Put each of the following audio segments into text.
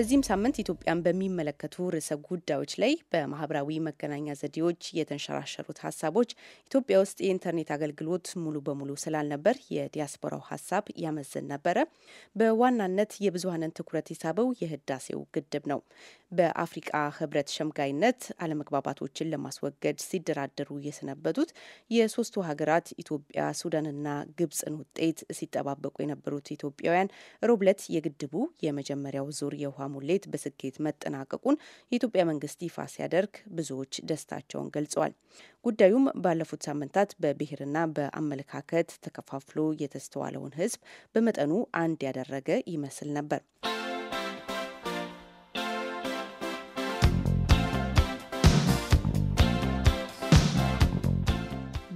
በዚህም ሳምንት ኢትዮጵያን በሚመለከቱ ርዕሰ ጉዳዮች ላይ በማህበራዊ መገናኛ ዘዴዎች የተንሸራሸሩት ሀሳቦች ኢትዮጵያ ውስጥ የኢንተርኔት አገልግሎት ሙሉ በሙሉ ስላልነበር የዲያስፖራው ሀሳብ ያመዝን ነበረ። በዋናነት የብዙሀንን ትኩረት የሳበው የህዳሴው ግድብ ነው። በአፍሪቃ ህብረት ሸምጋይነት አለመግባባቶችን ለማስወገድ ሲደራደሩ የሰነበቱት የሶስቱ ሀገራት ኢትዮጵያ፣ ሱዳንና ግብፅን ውጤት ሲጠባበቁ የነበሩት ኢትዮጵያውያን ሮብለት የግድቡ የመጀመሪያው ዙር የውሃ ሙሌት በስኬት መጠናቀቁን የኢትዮጵያ መንግስት ይፋ ሲያደርግ ብዙዎች ደስታቸውን ገልጸዋል። ጉዳዩም ባለፉት ሳምንታት በብሔርና በአመለካከት ተከፋፍሎ የተስተዋለውን ህዝብ በመጠኑ አንድ ያደረገ ይመስል ነበር።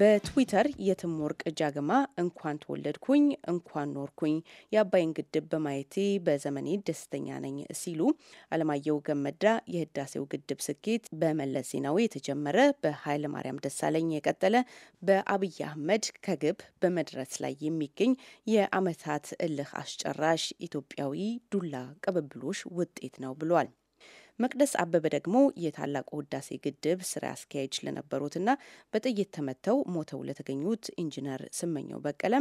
በትዊተር ወርቅ ጃግማ እንኳን ተወለድኩኝ እንኳን ኖርኩኝ የአባይን ግድብ በማየቴ በዘመኔ ደስተኛ ነኝ ሲሉ አለማየሁ ገመዳ የህዳሴው ግድብ ስኬት በመለስ ዜናዊ የተጀመረ ማርያም ደሳለኝ የቀጠለ በአብይ አህመድ ከግብ በመድረስ ላይ የሚገኝ የአመታት እልህ አስጨራሽ ኢትዮጵያዊ ዱላ ቅብብሎሽ ውጤት ነው ብሏል። መቅደስ አበበ ደግሞ የታላቁ ህዳሴ ግድብ ስራ አስኪያጅ ለነበሩትና በጥይት ተመተው ሞተው ለተገኙት ኢንጂነር ስመኘው በቀለ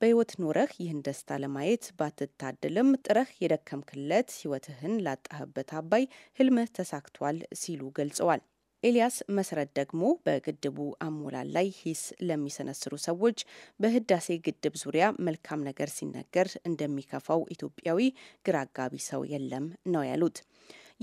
በህይወት ኖረህ ይህን ደስታ ለማየት ባትታድልም ጥረህ የደከምክለት ህይወትህን ላጣህበት አባይ ህልምህ ተሳክቷል ሲሉ ገልጸዋል። ኤልያስ መሰረት ደግሞ በግድቡ አሞላል ላይ ሂስ ለሚሰነስሩ ሰዎች በህዳሴ ግድብ ዙሪያ መልካም ነገር ሲነገር እንደሚከፋው ኢትዮጵያዊ ግራ ሰው የለም ነው ያሉት።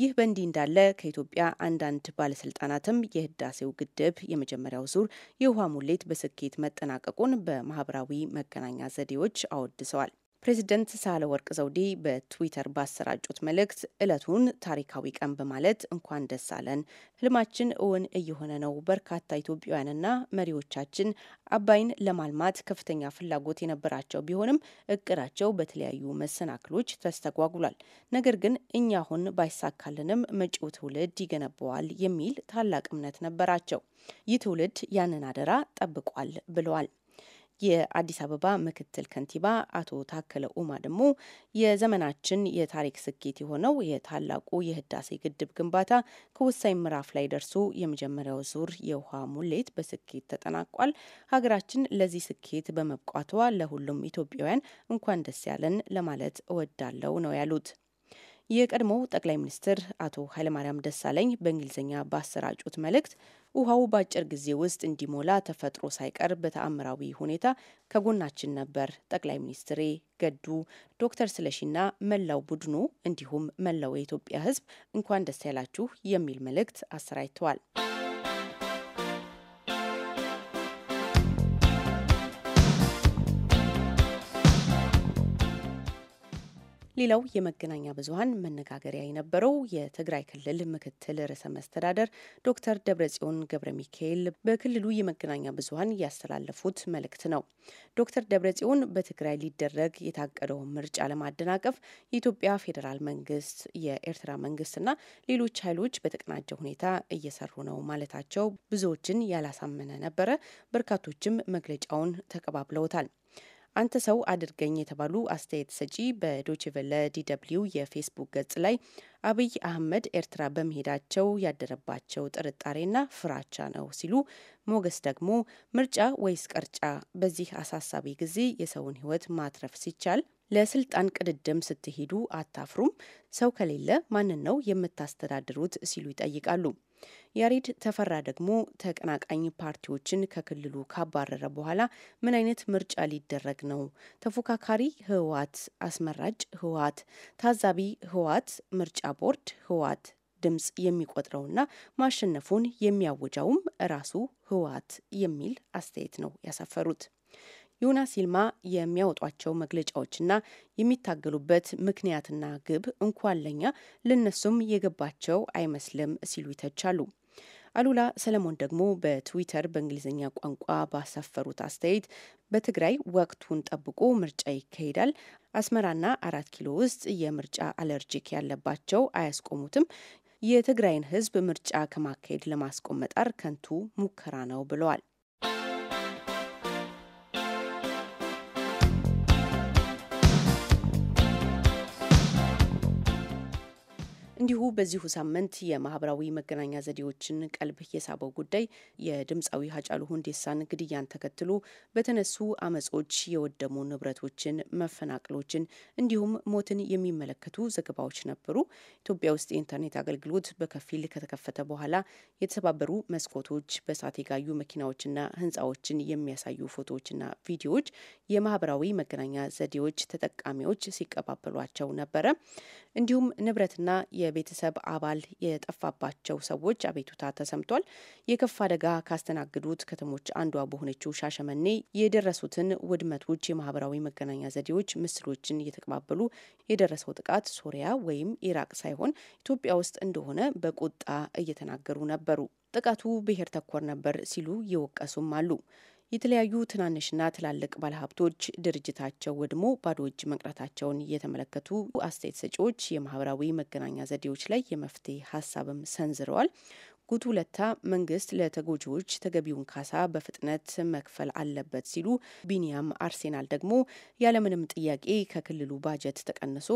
ይህ በእንዲህ እንዳለ ከኢትዮጵያ አንዳንድ ባለስልጣናትም የህዳሴው ግድብ የመጀመሪያው ዙር የውሃ ሙሌት በስኬት መጠናቀቁን በማህበራዊ መገናኛ ዘዴዎች አወድሰዋል። ፕሬዚደንት ወርቅ ዘውዴ በትዊተር ባሰራጩት መልእክት እለቱን ታሪካዊ ቀን በማለት እንኳን ደስ አለን፣ ህልማችን እውን እየሆነ ነው። በርካታ ኢትዮጵያውያንና መሪዎቻችን አባይን ለማልማት ከፍተኛ ፍላጎት የነበራቸው ቢሆንም እቅዳቸው በተለያዩ መሰናክሎች ተስተጓጉሏል። ነገር ግን እኛ አሁን ባይሳካልንም መጪው ትውልድ ይገነባዋል የሚል ታላቅ እምነት ነበራቸው። ይህ ትውልድ ያንን አደራ ጠብቋል ብለዋል። የአዲስ አበባ ምክትል ከንቲባ አቶ ታከለ ኡማ ደግሞ የዘመናችን የታሪክ ስኬት የሆነው የታላቁ የህዳሴ ግድብ ግንባታ ከወሳኝ ምዕራፍ ላይ ደርሶ የመጀመሪያው ዙር የውሃ ሙሌት በስኬት ተጠናቋል። ሀገራችን ለዚህ ስኬት በመብቋቷ ለሁሉም ኢትዮጵያውያን እንኳን ደስ ያለን ለማለት እወዳለው ነው ያሉት። የቀድሞው ጠቅላይ ሚኒስትር አቶ ኃይለማርያም ደሳለኝ በእንግሊዝኛ ባሰራጩት መልእክት ውሃው በአጭር ጊዜ ውስጥ እንዲሞላ ተፈጥሮ ሳይቀር በተአምራዊ ሁኔታ ከጎናችን ነበር ጠቅላይ ሚኒስትሬ ገዱ፣ ዶክተር ስለሺና መላው ቡድኑ እንዲሁም መላው የኢትዮጵያ ሕዝብ እንኳን ደስ ያላችሁ የሚል መልእክት አሰራጭተዋል። ሌላው የመገናኛ ብዙሀን መነጋገሪያ የነበረው የትግራይ ክልል ምክትል ርዕሰ መስተዳደር ዶክተር ደብረጽዮን ገብረ ሚካኤል በክልሉ የመገናኛ ብዙሀን ያስተላለፉት መልእክት ነው። ዶክተር ደብረጽዮን በትግራይ ሊደረግ የታቀደውን ምርጫ ለማደናቀፍ የኢትዮጵያ ፌዴራል መንግስት፣ የኤርትራ መንግስትና ሌሎች ኃይሎች በተቀናጀ ሁኔታ እየሰሩ ነው ማለታቸው ብዙዎችን ያላሳመነ ነበረ። በርካቶችም መግለጫውን ተቀባብለውታል። አንተ ሰው አድርገኝ የተባሉ አስተያየት ሰጪ በዶችቨለ ዲደብሊው የፌስቡክ ገጽ ላይ አብይ አህመድ ኤርትራ በመሄዳቸው ያደረባቸው ጥርጣሬና ፍራቻ ነው ሲሉ፣ ሞገስ ደግሞ ምርጫ ወይስ ቅርጫ፣ በዚህ አሳሳቢ ጊዜ የሰውን ሕይወት ማትረፍ ሲቻል ለስልጣን ቅድድም ስትሄዱ አታፍሩም? ሰው ከሌለ ማንን ነው የምታስተዳድሩት? ሲሉ ይጠይቃሉ። ያሬድ ተፈራ ደግሞ ተቀናቃኝ ፓርቲዎችን ከክልሉ ካባረረ በኋላ ምን አይነት ምርጫ ሊደረግ ነው? ተፎካካሪ ህወሓት፣ አስመራጭ ህወሓት፣ ታዛቢ ህወሓት፣ ምርጫ ቦርድ ህወሓት ድምጽ የሚቆጥረውና ማሸነፉን የሚያወጃውም ራሱ ህወሓት የሚል አስተያየት ነው ያሳፈሩት። ዮናስ ይልማ የሚያወጧቸው መግለጫዎችና የሚታገሉበት ምክንያትና ግብ እንኳን ለኛ ለነሱም የገባቸው አይመስልም ሲሉ ይተቻሉ። አሉላ ሰለሞን ደግሞ በትዊተር በእንግሊዝኛ ቋንቋ ባሰፈሩት አስተያየት በትግራይ ወቅቱን ጠብቆ ምርጫ ይካሄዳል፣ አስመራና አራት ኪሎ ውስጥ የምርጫ አለርጂክ ያለባቸው አያስቆሙትም፣ የትግራይን ሕዝብ ምርጫ ከማካሄድ ለማስቆም መጣር ከንቱ ሙከራ ነው ብለዋል። እንዲሁ በዚሁ ሳምንት የማህበራዊ መገናኛ ዘዴዎችን ቀልብ የሳበው ጉዳይ የድምፃዊ ሀጫሉ ሁንዴሳን ግድያን ተከትሎ በተነሱ አመጾች የወደሙ ንብረቶችን፣ መፈናቅሎችን እንዲሁም ሞትን የሚመለከቱ ዘገባዎች ነበሩ። ኢትዮጵያ ውስጥ የኢንተርኔት አገልግሎት በከፊል ከተከፈተ በኋላ የተሰባበሩ መስኮቶች፣ በእሳት የጋዩ መኪናዎችና ህንፃዎችን የሚያሳዩ ፎቶዎችና ቪዲዮዎች የማህበራዊ መገናኛ ዘዴዎች ተጠቃሚዎች ሲቀባበሏቸው ነበረ። እንዲሁም ንብረትና የቤ የቤተሰብ አባል የጠፋባቸው ሰዎች አቤቱታ ተሰምቷል። የከፍ አደጋ ካስተናገዱት ከተሞች አንዷ በሆነችው ሻሸመኔ የደረሱትን ውድመቶች የማህበራዊ መገናኛ ዘዴዎች ምስሎችን እየተቀባበሉ የደረሰው ጥቃት ሶሪያ ወይም ኢራቅ ሳይሆን ኢትዮጵያ ውስጥ እንደሆነ በቁጣ እየተናገሩ ነበሩ። ጥቃቱ ብሔር ተኮር ነበር ሲሉ የወቀሱም አሉ። የተለያዩ ትናንሽና ትላልቅ ባለሀብቶች ድርጅታቸው ወድሞ ባዶ እጅ መቅረታቸውን እየተመለከቱ አስተያየት ሰጪዎች የማህበራዊ መገናኛ ዘዴዎች ላይ የመፍትሄ ሀሳብም ሰንዝረዋል። ጉቱ ለታ መንግስት ለተጎጂዎች ተገቢውን ካሳ በፍጥነት መክፈል አለበት ሲሉ፣ ቢኒያም አርሴናል ደግሞ ያለምንም ጥያቄ ከክልሉ ባጀት ተቀንሶ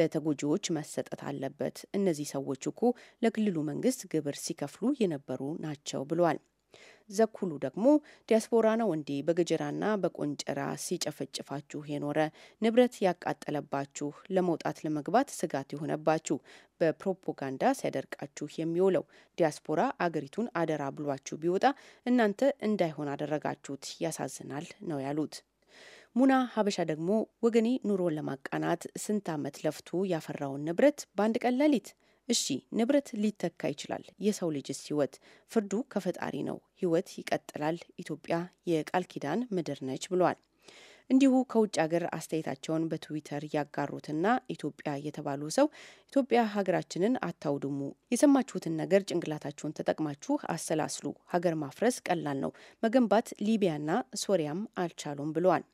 ለተጎጂዎች መሰጠት አለበት፣ እነዚህ ሰዎች እኮ ለክልሉ መንግስት ግብር ሲከፍሉ የነበሩ ናቸው ብለዋል። ዘኩሉ ደግሞ ዲያስፖራ ነው እንዴ በገጀራና በቆንጨራ ሲጨፈጭፋችሁ የኖረ ንብረት ያቃጠለባችሁ ለመውጣት ለመግባት ስጋት የሆነባችሁ በፕሮፓጋንዳ ሲያደርቃችሁ የሚውለው ዲያስፖራ አገሪቱን አደራ ብሏችሁ ቢወጣ እናንተ እንዳይሆን አደረጋችሁት። ያሳዝናል ነው ያሉት። ሙና ሀበሻ ደግሞ ወገኔ ኑሮን ለማቃናት ስንት ዓመት ለፍቶ ያፈራውን ንብረት በአንድ ቀን ሌሊት እሺ ንብረት ሊተካ ይችላል። የሰው ልጅስ ህይወት ፍርዱ ከፈጣሪ ነው። ህይወት ይቀጥላል። ኢትዮጵያ የቃል ኪዳን ምድር ነች ብሏል። እንዲሁ ከውጭ ሀገር አስተያየታቸውን በትዊተር ያጋሩትና ኢትዮጵያ የተባሉ ሰው ኢትዮጵያ ሀገራችንን አታውድሙ፣ የሰማችሁትን ነገር ጭንቅላታችሁን ተጠቅማችሁ አሰላስሉ። ሀገር ማፍረስ ቀላል ነው፣ መገንባት ሊቢያና ሶሪያም አልቻሉም ብለዋል።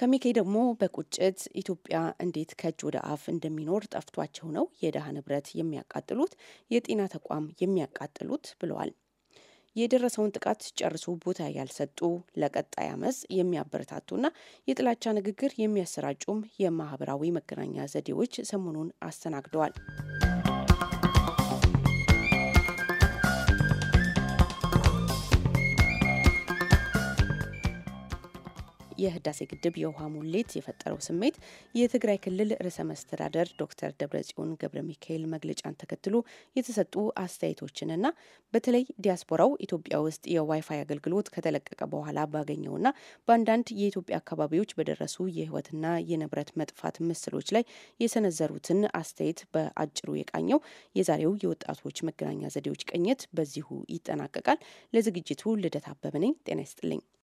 ከሚኬ ደግሞ በቁጭት ኢትዮጵያ እንዴት ከእጅ ወደ አፍ እንደሚኖር ጠፍቷቸው ነው የድሃ ንብረት የሚያቃጥሉት፣ የጤና ተቋም የሚያቃጥሉት ብለዋል። የደረሰውን ጥቃት ጨርሶ ቦታ ያልሰጡ ለቀጣይ አመፅ የሚያበረታቱና የጥላቻ ንግግር የሚያሰራጩም የማህበራዊ መገናኛ ዘዴዎች ሰሞኑን አስተናግደዋል። የህዳሴ ግድብ የውሃ ሙሌት የፈጠረው ስሜት የትግራይ ክልል ርዕሰ መስተዳደር ዶክተር ደብረጽዮን ገብረ ሚካኤል መግለጫን ተከትሎ የተሰጡ አስተያየቶችንና በተለይ ዲያስፖራው ኢትዮጵያ ውስጥ የዋይፋይ አገልግሎት ከተለቀቀ በኋላ ባገኘውና በአንዳንድ የኢትዮጵያ አካባቢዎች በደረሱ የህይወትና የንብረት መጥፋት ምስሎች ላይ የሰነዘሩትን አስተያየት በአጭሩ የቃኘው የዛሬው የወጣቶች መገናኛ ዘዴዎች ቅኝት በዚሁ ይጠናቀቃል። ለዝግጅቱ ልደት አበበ ነኝ። ጤና ይስጥልኝ።